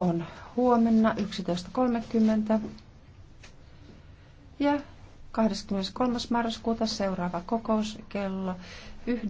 on huomenna 11.30 ja 23. marraskuuta seuraava kokous kello 9.